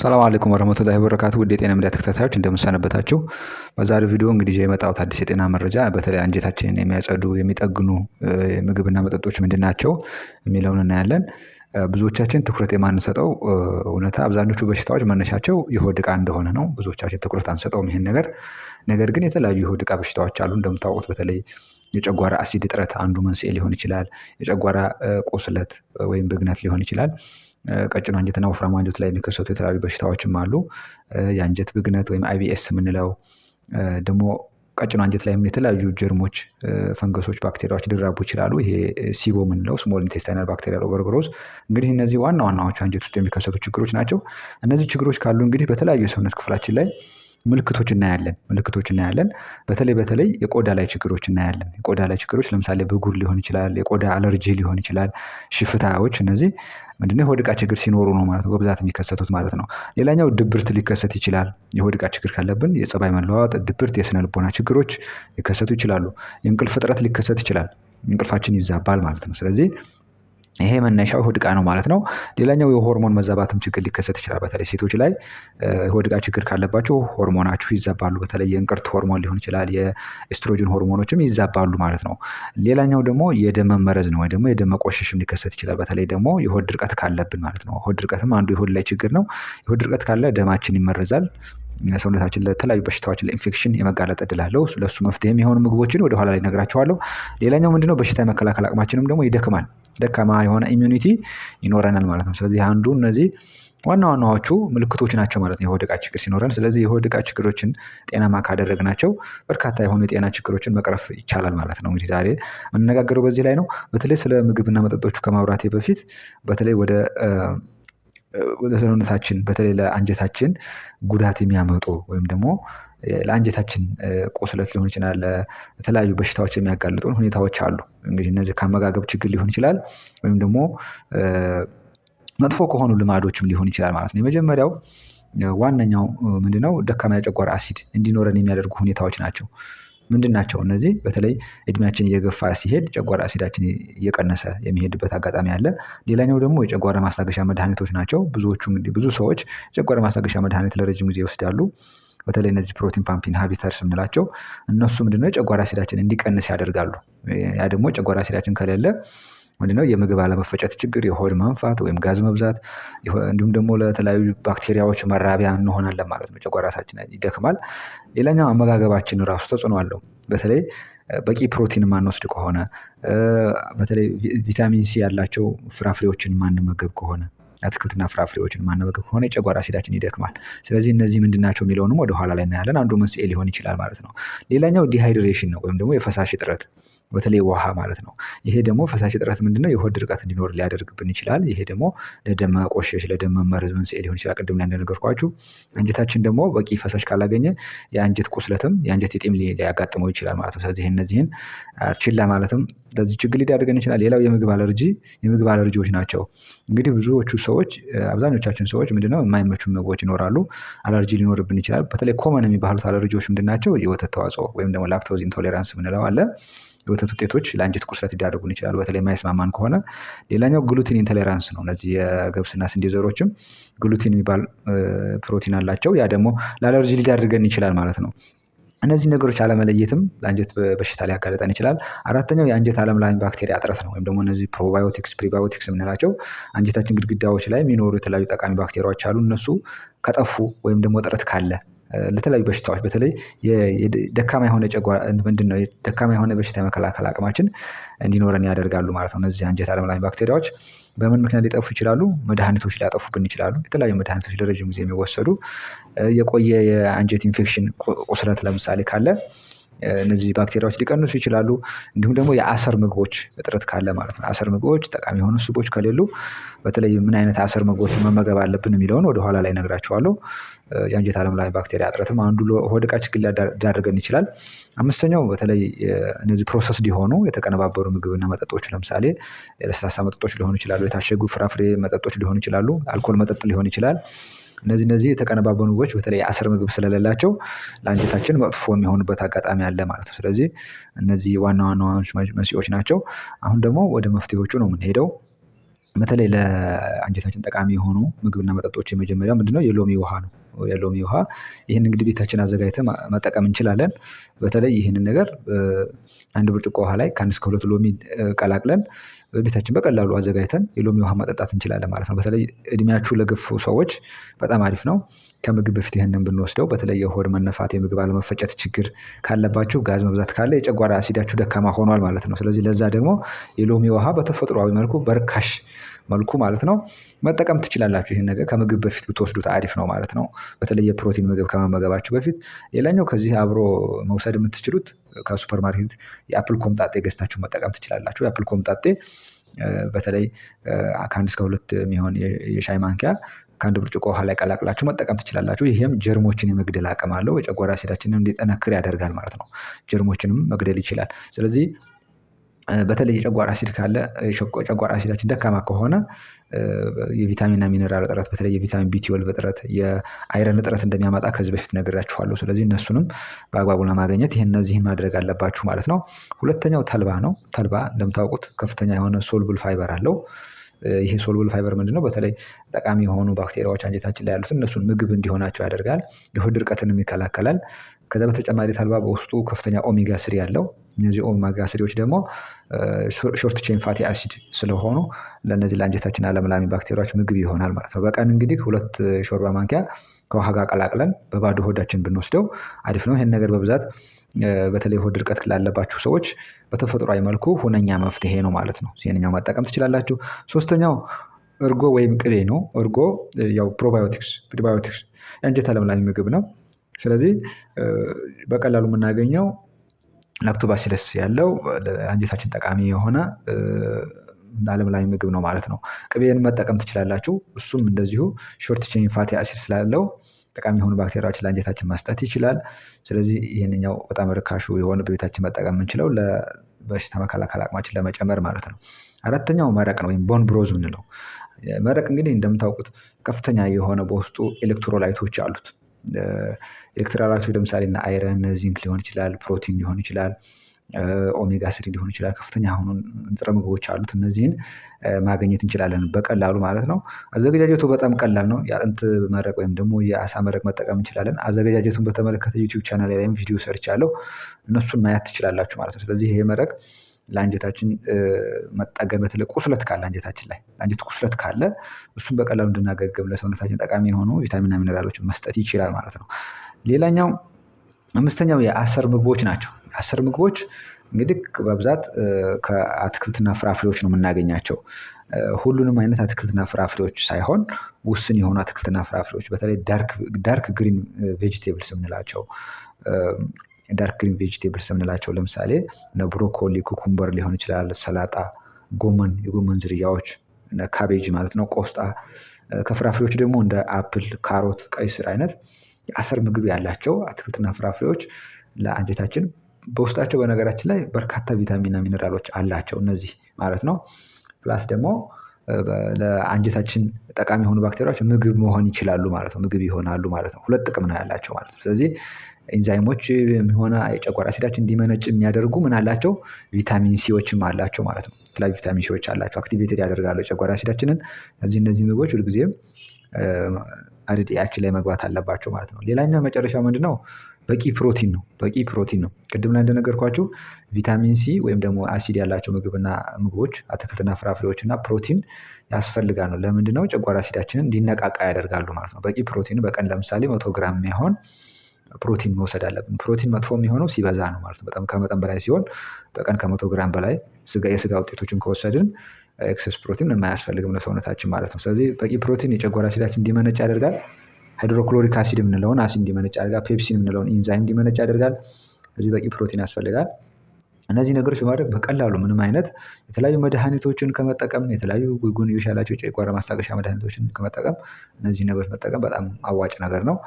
ሰላም አለይኩም ወረመቱላሂ ወበረካቱ ውድ የጤና ሚዲያ ተከታታዮች እንደምሰነበታችሁ። በዛሬው ቪዲዮ እንግዲህ የመጣሁት አዲስ የጤና መረጃ በተለይ አንጀታችንን የሚያጸዱ የሚጠግኑ ምግብና መጠጦች ምንድን ናቸው የሚለውን እናያለን። ብዙዎቻችን ትኩረት የማንሰጠው እውነታ አብዛኞቹ በሽታዎች መነሻቸው የሆድ ዕቃ እንደሆነ ነው። ብዙዎቻችን ትኩረት አንሰጠውም ይህን ነገር። ነገር ግን የተለያዩ የሆድ ዕቃ በሽታዎች አሉ እንደምታውቁት በተለይ የጨጓራ አሲድ እጥረት አንዱ መንስኤ ሊሆን ይችላል። የጨጓራ ቁስለት ወይም ብግነት ሊሆን ይችላል። ቀጭኑ አንጀትና ወፍራሙ አንጀት ላይ የሚከሰቱ የተለያዩ በሽታዎችም አሉ። የአንጀት ብግነት ወይም አይቢኤስ የምንለው ደግሞ ቀጭኑ አንጀት ላይም የተለያዩ ጀርሞች፣ ፈንገሶች፣ ባክቴሪያዎች ሊራቡ ይችላሉ። ይሄ ሲቦ የምንለው ስሞል ኢንቴስታይናል ባክቴሪያ ኦቨርግሮዝ። እንግዲህ እነዚህ ዋና ዋናዎቹ አንጀት ውስጥ የሚከሰቱ ችግሮች ናቸው። እነዚህ ችግሮች ካሉ እንግዲህ በተለያዩ የሰውነት ክፍላችን ላይ ምልክቶች እናያለን ምልክቶች እናያለን። በተለይ በተለይ የቆዳ ላይ ችግሮች እናያለን። የቆዳ ላይ ችግሮች ለምሳሌ ብጉር ሊሆን ይችላል፣ የቆዳ አለርጂ ሊሆን ይችላል፣ ሽፍታዎች። እነዚህ ምንድነው የሆድ ዕቃ ችግር ሲኖሩ ነው ማለት ነው በብዛት የሚከሰቱት ማለት ነው። ሌላኛው ድብርት ሊከሰት ይችላል። የሆድ ዕቃ ችግር ካለብን የጸባይ መለዋወጥ፣ ድብርት፣ የስነ ልቦና ችግሮች ሊከሰቱ ይችላሉ። የእንቅልፍ እጥረት ሊከሰት ይችላል። እንቅልፋችን ይዛባል ማለት ነው። ስለዚህ ይሄ መነሻው የሆድ ነው ማለት ነው። ሌላኛው የሆርሞን መዛባትም ችግር ሊከሰት ይችላል። በተለይ ሴቶች ላይ የሆድ ችግር ካለባቸው ሆርሞናችሁ ይዛባሉ። በተለይ የእንቅርት ሆርሞን ሊሆን ይችላል፣ የኤስትሮጅን ሆርሞኖችም ይዛባሉ ማለት ነው። ሌላኛው ደግሞ የደም መመረዝ ነው ወይ ደግሞ የደም መቆሸሽም ሊከሰት ይችላል። በተለይ ደግሞ የሆድ ድርቀት ካለብን ማለት ነው። ሆድ ድርቀትም አንዱ የሆድ ላይ ችግር ነው። የሆድ ድርቀት ካለ ደማችን ይመረዛል። ሰውነታችን ለተለያዩ በሽታዎች ለኢንፌክሽን የመጋለጥ እድል አለው። መፍትሄ የሚሆኑ ምግቦችን ወደኋላ ላይ ነግራቸዋለሁ። ሌላኛው ምንድነው በሽታ የመከላከል አቅማችንም ደግሞ ይደክማል። ደካማ የሆነ ኢሚዩኒቲ ይኖረናል ማለት ነው። ስለዚህ አንዱ እነዚህ ዋና ዋናዎቹ ምልክቶች ናቸው ማለት ነው የሆድ ዕቃ ችግር ሲኖረን። ስለዚህ የሆድ ዕቃ ችግሮችን ጤናማ ካደረግናቸው በርካታ የሆኑ የጤና ችግሮችን መቅረፍ ይቻላል ማለት ነው። እንግዲህ ዛሬ የምንነጋገረው በዚህ ላይ ነው። በተለይ ስለ ምግብና መጠጦቹ ከማውራቴ በፊት በተለይ ወደ ለሰውነታችን በተለይ ለአንጀታችን ጉዳት የሚያመጡ ወይም ደግሞ ለአንጀታችን ቁስለት ሊሆን ይችላል፣ ለተለያዩ በሽታዎች የሚያጋልጡን ሁኔታዎች አሉ። እንግዲህ እነዚህ ከአመጋገብ ችግር ሊሆን ይችላል ወይም ደግሞ መጥፎ ከሆኑ ልማዶችም ሊሆን ይችላል ማለት ነው። የመጀመሪያው ዋነኛው ምንድነው? ደካማ የጨጓራ አሲድ እንዲኖረን የሚያደርጉ ሁኔታዎች ናቸው። ምንድን ናቸው እነዚህ? በተለይ እድሜያችን እየገፋ ሲሄድ ጨጓራ አሲዳችን እየቀነሰ የሚሄድበት አጋጣሚ አለ። ሌላኛው ደግሞ የጨጓራ ማስታገሻ መድኃኒቶች ናቸው። ብዙዎቹ እንግዲህ ብዙ ሰዎች የጨጓራ ማስታገሻ መድኃኒት ለረጅም ጊዜ ይወስዳሉ። በተለይ እነዚህ ፕሮቲን ፓምፒን ሀቢተርስ የምንላቸው እነሱ ምንድነው የጨጓራ አሲዳችን እንዲቀንስ ያደርጋሉ። ያ ደግሞ ጨጓራ አሲዳችን ከሌለ ምንድነው የምግብ አለመፈጨት ችግር፣ የሆድ መንፋት ወይም ጋዝ መብዛት፣ እንዲሁም ደግሞ ለተለያዩ ባክቴሪያዎች መራቢያ እንሆናለን ማለት ነው። ጨጓራችን ይደክማል። ሌላኛው አመጋገባችን ራሱ ተጽዕኖ አለው። በተለይ በቂ ፕሮቲን ማንወስድ ከሆነ በተለይ ቪታሚን ሲ ያላቸው ፍራፍሬዎችን ማንመገብ ከሆነ አትክልትና ፍራፍሬዎችን ማንመገብ ከሆነ የጨጓራ አሲዳችን ይደክማል። ስለዚህ እነዚህ ምንድናቸው የሚለውንም ወደኋላ ላይ እናያለን። አንዱ መንስኤ ሊሆን ይችላል ማለት ነው። ሌላኛው ዲሃይድሬሽን ነው ወይም ደግሞ የፈሳሽ እጥረት በተለይ ውሃ ማለት ነው። ይሄ ደግሞ ፈሳሽ እጥረት ምንድነው የሆድ ድርቀት እንዲኖር ሊያደርግብን ይችላል። ይሄ ደግሞ ለደም መቆሸሽ፣ ለደም መመረዝ መንስኤ ሊሆን ይችላል። ቅድም ላይ እንደነገርኳችሁ አንጀታችን ደግሞ በቂ ፈሳሽ ካላገኘ የአንጀት ቁስለትም የአንጀት ጢም ሊያጋጥመው ይችላል ማለት ነው። ስለዚህ እነዚህን ችላ ማለትም ለዚህ ችግር ሊዳርገን ይችላል። ሌላው የምግብ አለርጂ የምግብ አለርጂዎች ናቸው። እንግዲህ ብዙዎቹ ሰዎች አብዛኞቻችን ሰዎች ምንድነው የማይመቹ ምግቦች ይኖራሉ። አለርጂ ሊኖርብን ይችላል። በተለይ ኮመን የሚባሉት አለርጂዎች ምንድናቸው? የወተት ተዋጽኦ ወይም ደግሞ ላክቶዝ ኢንቶሌራንስ ምንለው አለ የወተት ውጤቶች ለአንጀት ቁስለት ሊዳረጉን ይችላሉ፣ በተለይ የማይስማማን ከሆነ። ሌላኛው ግሉቲን ኢንቶሌራንስ ነው። እነዚህ የገብስና ስንዴ ዘሮችም ግሉቲን የሚባል ፕሮቲን አላቸው። ያ ደግሞ ለአለርጂ ሊዳርገን ይችላል ማለት ነው። እነዚህ ነገሮች አለመለየትም ለአንጀት በሽታ ሊያጋለጠን ይችላል። አራተኛው የአንጀት አለም ላይ ባክቴሪያ እጥረት ነው። ወይም ደግሞ እነዚህ ፕሮባዮቲክስ፣ ፕሪባዮቲክስ የምንላቸው አንጀታችን ግድግዳዎች ላይ የሚኖሩ የተለያዩ ጠቃሚ ባክቴሪያዎች አሉ። እነሱ ከጠፉ ወይም ደግሞ እጥረት ካለ ለተለያዩ በሽታዎች በተለይ ደካማ የሆነ ምንድን ነው ደካማ የሆነ በሽታ የመከላከል አቅማችን እንዲኖረን ያደርጋሉ ማለት ነው። እነዚህ አንጀት አለምላይ ባክቴሪያዎች በምን ምክንያት ሊጠፉ ይችላሉ? መድኃኒቶች ሊያጠፉብን ይችላሉ። የተለያዩ መድኃኒቶች ለረዥም ጊዜ የሚወሰዱ የቆየ የአንጀት ኢንፌክሽን ቁስለት ለምሳሌ ካለ እነዚህ ባክቴሪያዎች ሊቀንሱ ይችላሉ። እንዲሁም ደግሞ የአሰር ምግቦች እጥረት ካለ ማለት ነው። አሰር ምግቦች ጠቃሚ የሆኑ ስቦች ከሌሉ በተለይ ምን አይነት አሰር ምግቦች መመገብ አለብን የሚለውን ወደኋላ ላይ ነግራቸዋሉ። የአንጀት አለም ላይ ባክቴሪያ እጥረትም አንዱ ሆድ ችግር ሊያደርገን ይችላል። አምስተኛው በተለይ እነዚህ ፕሮሰስ ሊሆኑ የተቀነባበሩ ምግብና መጠጦች ለምሳሌ የለስላሳ መጠጦች ሊሆኑ ይችላሉ። የታሸጉ ፍራፍሬ መጠጦች ሊሆኑ ይችላሉ። አልኮል መጠጥ ሊሆን ይችላል። እነዚህ እነዚህ የተቀነባበኑ ምግቦች በተለይ አስር ምግብ ስለሌላቸው ለአንጀታችን መጥፎ የሚሆኑበት አጋጣሚ አለ ማለት ነው። ስለዚህ እነዚህ ዋና ዋና መንስኤዎች ናቸው። አሁን ደግሞ ወደ መፍትሄዎቹ ነው የምንሄደው። በተለይ ለአንጀታችን ጠቃሚ የሆኑ ምግብና መጠጦች የመጀመሪያው ምንድነው? የሎሚ ውሃ ነው የሎሚ ውሃ። ይህን እንግዲህ ቤታችን አዘጋጅተን መጠቀም እንችላለን። በተለይ ይህንን ነገር አንድ ብርጭቆ ውሃ ላይ ከአንድ እስከ ሁለት ሎሚ ቀላቅለን ቤታችን በቀላሉ አዘጋጅተን የሎሚ ውሃ መጠጣት እንችላለን ማለት ነው። በተለይ እድሜያችሁ ለገፉ ሰዎች በጣም አሪፍ ነው። ከምግብ በፊት ይህንን ብንወስደው በተለይ የሆድ መነፋት፣ የምግብ አለመፈጨት ችግር ካለባችሁ፣ ጋዝ መብዛት ካለ የጨጓራ አሲዳችሁ ደካማ ሆኗል ማለት ነው። ስለዚህ ለዛ ደግሞ የሎሚ ውሃ በተፈጥሯዊ መልኩ በርካሽ መልኩ ማለት ነው መጠቀም ትችላላችሁ። ይህን ነገር ከምግብ በፊት ብትወስዱት አሪፍ ነው ማለት ነው። በተለይ የፕሮቲን ምግብ ከመመገባችሁ በፊት። ሌላኛው ከዚህ አብሮ መውሰድ የምትችሉት ከሱፐር ማርኬት የአፕል ኮምጣጤ ገዝታችሁ መጠቀም ትችላላችሁ። የአፕል ኮምጣጤ በተለይ ከአንድ እስከ ሁለት የሚሆን የሻይ ማንኪያ ከአንድ ብርጭቆ ውሃ ላይ ቀላቅላችሁ መጠቀም ትችላላችሁ። ይህም ጀርሞችን የመግደል አቅም አለው። የጨጓራ አሲዳችንን እንዲጠነክር ያደርጋል ማለት ነው። ጀርሞችንም መግደል ይችላል። ስለዚህ በተለይ የጨጓራ አሲድ ካለ ጨጓራ አሲዳችን ደካማ ከሆነ የቪታሚንና ሚነራል እጥረት በተለይ የቪታሚን ቢቲወልቭ እጥረት፣ የአይረን እጥረት እንደሚያመጣ ከዚህ በፊት ነግራችኋለሁ። ስለዚህ እነሱንም በአግባቡ ለማገኘት ይህ እነዚህን ማድረግ አለባችሁ ማለት ነው። ሁለተኛው ተልባ ነው። ተልባ እንደምታውቁት ከፍተኛ የሆነ ሶልብል ፋይበር አለው። ይሄ ሶልብል ፋይበር ነው በተለይ ጠቃሚ የሆኑ ባክቴሪያዎች አንጀታችን ላይ ያሉትን እነሱን ምግብ እንዲሆናቸው ያደርጋል። የሆድ ድርቀትንም ይከላከላል። ከዛ በተጨማሪ ተልባ በውስጡ ከፍተኛ ኦሜጋ ስሪ ያለው እነዚህ ኦሜጋ ስሪዎች ደግሞ ሾርት ቼን ፋቲ አሲድ ስለሆኑ ለእነዚህ ለአንጀታችን አለምላሚ ባክቴሪያዎች ምግብ ይሆናል ማለት ነው። በቀን እንግዲህ ሁለት ሾርባ ማንኪያ ከውሃ ጋር ቀላቅለን በባዶ ሆዳችን ብንወስደው አሪፍ ነው። ይህን ነገር በብዛት በተለይ ሆድ ድርቀት ላለባችሁ ሰዎች በተፈጥሯዊ መልኩ ሁነኛ መፍትሄ ነው ማለት ነው። ይህንኛው ማጠቀም ትችላላችሁ። ሶስተኛው እርጎ ወይም ቅቤ ነው። እርጎ ያው ፕሮባዮቲክስ፣ ፕሪባዮቲክስ የአንጀት አለምላሚ ምግብ ነው። ስለዚህ በቀላሉ የምናገኘው ላክቶባሲለስ ያለው አንጀታችን ጠቃሚ የሆነ አለም ላይ ምግብ ነው ማለት ነው። ቅቤን መጠቀም ትችላላችሁ። እሱም እንደዚሁ ሾርት ቼን ፋቲ አሲድ ስላለው ጠቃሚ የሆኑ ባክቴሪያዎችን ለአንጀታችን መስጠት ይችላል። ስለዚህ ይህንኛው በጣም ርካሹ የሆነ በቤታችን መጠቀም የምንችለው ለበሽታ መከላከል አቅማችን ለመጨመር ማለት ነው። አራተኛው መረቅ ነው ወይም ቦን ብሮዝ የምንለው መረቅ እንግዲህ እንደምታውቁት ከፍተኛ የሆነ በውስጡ ኤሌክትሮላይቶች አሉት። ኤሌክትሮላይቶች ለምሳሌ አይረን ዚንክ ሊሆን ይችላል፣ ፕሮቲን ሊሆን ይችላል ኦሜጋ ስሪ ሊሆን ይችላል። ከፍተኛ የሆኑ ንጥረ ምግቦች አሉት። እነዚህን ማግኘት እንችላለን በቀላሉ ማለት ነው። አዘገጃጀቱ በጣም ቀላል ነው። የአጥንት መረቅ ወይም ደግሞ የአሳ መረቅ መጠቀም እንችላለን። አዘገጃጀቱን በተመለከተ ዩቲዩብ ቻናል ላይም ቪዲዮ ሰርች አለው። እነሱን ማየት ትችላላችሁ ማለት ነው። ስለዚህ ይሄ መረቅ ለአንጀታችን መጠገን በተለይ ቁስለት ካለ አንጀታችን ላይ ለአንጀት ቁስለት ካለ እሱም በቀላሉ እንድናገግም ለሰውነታችን ጠቃሚ የሆኑ ቪታሚንና ሚነራሎችን መስጠት ይችላል ማለት ነው። ሌላኛው አምስተኛው የአሰር ምግቦች ናቸው። አስር ምግቦች እንግዲህ በብዛት ከአትክልትና ፍራፍሬዎች ነው የምናገኛቸው። ሁሉንም አይነት አትክልትና ፍራፍሬዎች ሳይሆን ውስን የሆኑ አትክልትና ፍራፍሬዎች በተለይ ዳርክ ግሪን ቬጅቴብልስ የምንላቸው ዳርክ ግሪን ቬጅቴብልስ የምንላቸው ለምሳሌ ብሮኮሊ፣ ኩኩምበር ሊሆን ይችላል፣ ሰላጣ፣ ጎመን፣ የጎመን ዝርያዎች፣ ካቤጅ ማለት ነው፣ ቆስጣ። ከፍራፍሬዎች ደግሞ እንደ አፕል፣ ካሮት፣ ቀይ ስር አይነት የአስር ምግብ ያላቸው አትክልትና ፍራፍሬዎች ለአንጀታችን በውስጣቸው በነገራችን ላይ በርካታ ቪታሚንና ሚነራሎች አላቸው። እነዚህ ማለት ነው። ፕላስ ደግሞ ለአንጀታችን ጠቃሚ የሆኑ ባክቴሪያዎች ምግብ መሆን ይችላሉ ማለት ነው። ምግብ ይሆናሉ ማለት ነው። ሁለት ጥቅም ነው ያላቸው ማለት ነው። ስለዚህ ኢንዛይሞች የሚሆነ የጨጓራ አሲዳችን እንዲመነጭ የሚያደርጉ ምን አላቸው? ቪታሚን ሲዎችም አላቸው ማለት ነው። የተለያዩ ቪታሚን ሲዎች አላቸው። አክቲቬትድ ያደርጋሉ የጨጓራ አሲዳችንን። ስለዚህ እነዚህ ምግቦች ሁልጊዜም አድድያችን ላይ መግባት አለባቸው ማለት ነው። ሌላኛው መጨረሻ ምንድ ነው? በቂ ፕሮቲን ነው። በቂ ፕሮቲን ነው። ቅድም ላይ እንደነገርኳችሁ ቪታሚን ሲ ወይም ደግሞ አሲድ ያላቸው ምግብና ምግቦች አትክልትና ፍራፍሬዎች እና ፕሮቲን ያስፈልጋል ነው። ለምንድን ነው ጨጓራ አሲዳችንን እንዲነቃቃ ያደርጋሉ ማለት ነው። በቂ ፕሮቲን በቀን ለምሳሌ መቶ ግራም የሚሆን ፕሮቲን መውሰድ አለብን። ፕሮቲን መጥፎ የሚሆነው ሲበዛ ነው ማለት ነው። በጣም ከመጠን በላይ ሲሆን በቀን ከመቶ ግራም በላይ የስጋ ውጤቶችን ከወሰድን ኤክሰስ ፕሮቲን የማያስፈልግም ለሰውነታችን ማለት ነው። ስለዚህ በቂ ፕሮቲን የጨጓራ አሲዳችን እንዲመነጭ ያደርጋል። ሃይድሮክሎሪክ አሲድ የምንለውን አሲድ እንዲመነጭ ያደርጋል። ፔፕሲን የምንለውን ኢንዛይም እንዲመነጭ ያደርጋል። እዚህ በቂ ፕሮቲን ያስፈልጋል። እነዚህ ነገሮች በማድረግ በቀላሉ ምንም አይነት የተለያዩ መድኃኒቶችን ከመጠቀም የተለያዩ ጎንዮሽ ያላቸው ማስታገሻ መድኃኒቶችን ከመጠቀም እነዚህ ነገሮች መጠቀም በጣም አዋጭ ነገር ነው።